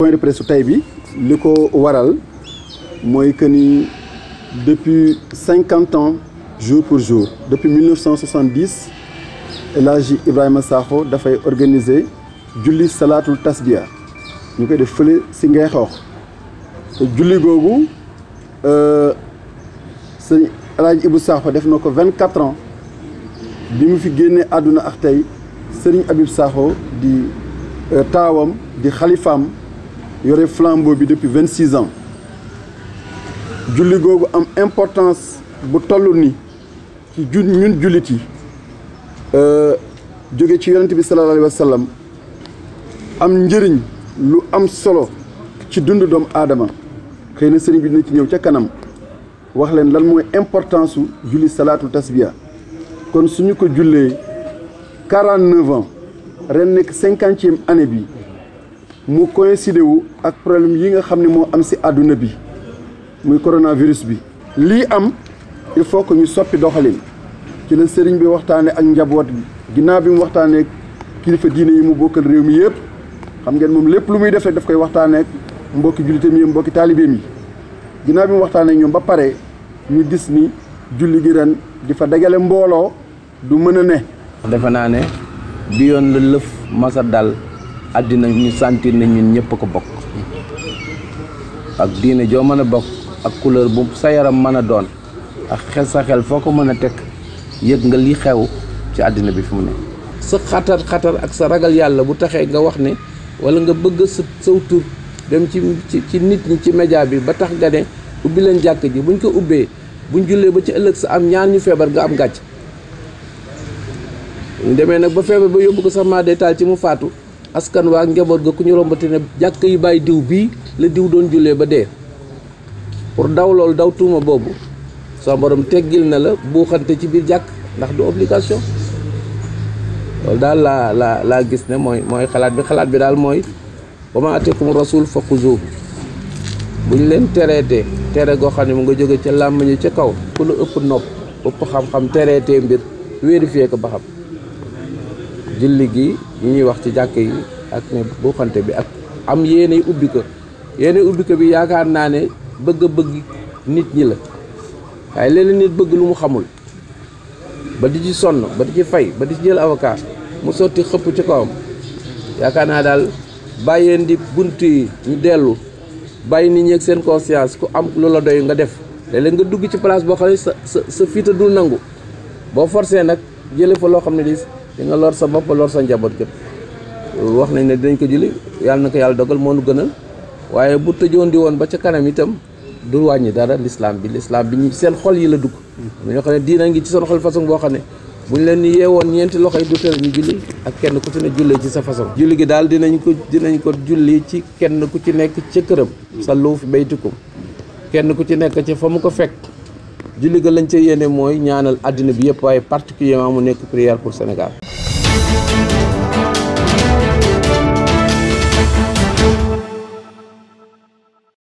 point de presse tey bi li waral moi que ni depuis 50 ans jour pour jour depuis 1970 El Ibrahim Ibrahima a fait organiser julli Salatul tasbiya ñu koy def fële si Ngexoox te julli googu euh, sëñ El Hadji Ibou Sakho def na ko ans bi mu fi génnee àdduna ak tey sëriñ Habib Sakho di euh, taawam di xalifaam yore flambeau bi depuis 26 ans julli gogu am importance bu toll ni ci ju ñun jullit euh jóge ci yonent bi sallallahu alayhi wa sallam am njëriñ lu am solo ci dundu doom adama xëy na sëriñ bi dina ci ñew ca kanam wax leen lan moy importance su julli salaatu tasbiya kon suñu ko jullee 49 ans ren nek 50e année bi mu coïncider wu ak problème yi nga xam ni moo am ci àdduna bi muy coronavirus bi. lii am il faut que ñu soppi doxalin ci la sëriñ bi waxtaanee ak njaboot bi ginnaaw bi mu waxtaaneek kilifa diine yi mu bokkal réew mi yëpp xam ngeen moom lépp lu muy def rek daf koy waxtaanee mbokki jullitam yi mbokki taalibeem yi ginnaaw bi mu waxtaanee ñoom ba pare ñu gis ni julli gi ren di fa dajale mbooloo du mën a ne. defe naa ne bi yoon la lëf masa dal. adina ñu sentir ne ñun ñepp ko bok ak diine jo mën bok ak couleur bu sa yaram mën doon ak xel sa xel foko ko tek yeg nga li xew ci adina bi fu mu ne sa xatar xatar ak sa ragal yalla bu taxé nga wax ne wala nga bëgg sa saw tur dem ci ci nit ñi ci média bi ba tax ubbi leen jakk ji buñ ko ubbé buñ jullé ba ci ëlëk sa am ñaar ñu fébar nga am gatch ñu démé nak ba fébar ba yobbu ko sax maa ci mu faatu askan waa njaboot ga ku ñu rombati ne jàkk yu bàyyi diw bii la diw doon jullee ba dee pour daw loolu daw tuuma boobu soo borom teggil na la buuxante ci biir jàkk ndax du obligation loolu daal laa laa laa gis ne mooy mooy xalaat bi xalaat bi daal mooy wa ma ateekum rasul fa xuzuhu bu ñu leen tereetee tere goo xam ne mu nga jóge ca làmmiñu ca kaw ku la ëpp nopp ëpp xam-xam tereetee mbir vérifier ko ba xam julli gi ñi ñuy wax ci jakk yi ak ne xanté bi ak am yene ubbi ko yene ubbi ko bi yaakar naa ne bëgg bëgg nit ñi la ay leen nit bëgg lu mu xamul ba di ci son ba di ci fay ba di ci jël avocat mu soti xëpp ci kawam yaakar na dal di buntu yi ñu delu bàyyi nit ñi ak seen conscience ku am lu la doy nga def léeg nga dugg ci place bo xam sa sa sa nangu bo forcé nak jëlé fa lo xamni di nga lor sa bopp lor sa njaboot gépp wax nañ ne dinañ ko julli yàlla na ko yàlla dogal moo nu gënal waaye bu tëjoon di woon ba ca kanam itam du wàññi dara lislaam bi lislaam bi seen xol yi la dugg ñoo xam ne diina ngi ci seen xol façon boo xam ne bu ñu leen ni yeewoon ñeenti loxo yi du teel ñu julli ak kenn ku ci ne ci sa façon julli gi daal dinañ ko dinañ ko julli ci kenn ku ci nekk ca këram sa luuf baytukum kenn ku ci nekk ci fa mu ko fekk julli ga lañ ca yéene mooy ñaanal àddina bi yëpp waaye particulièrement mu nekk prière pour Sénégal Música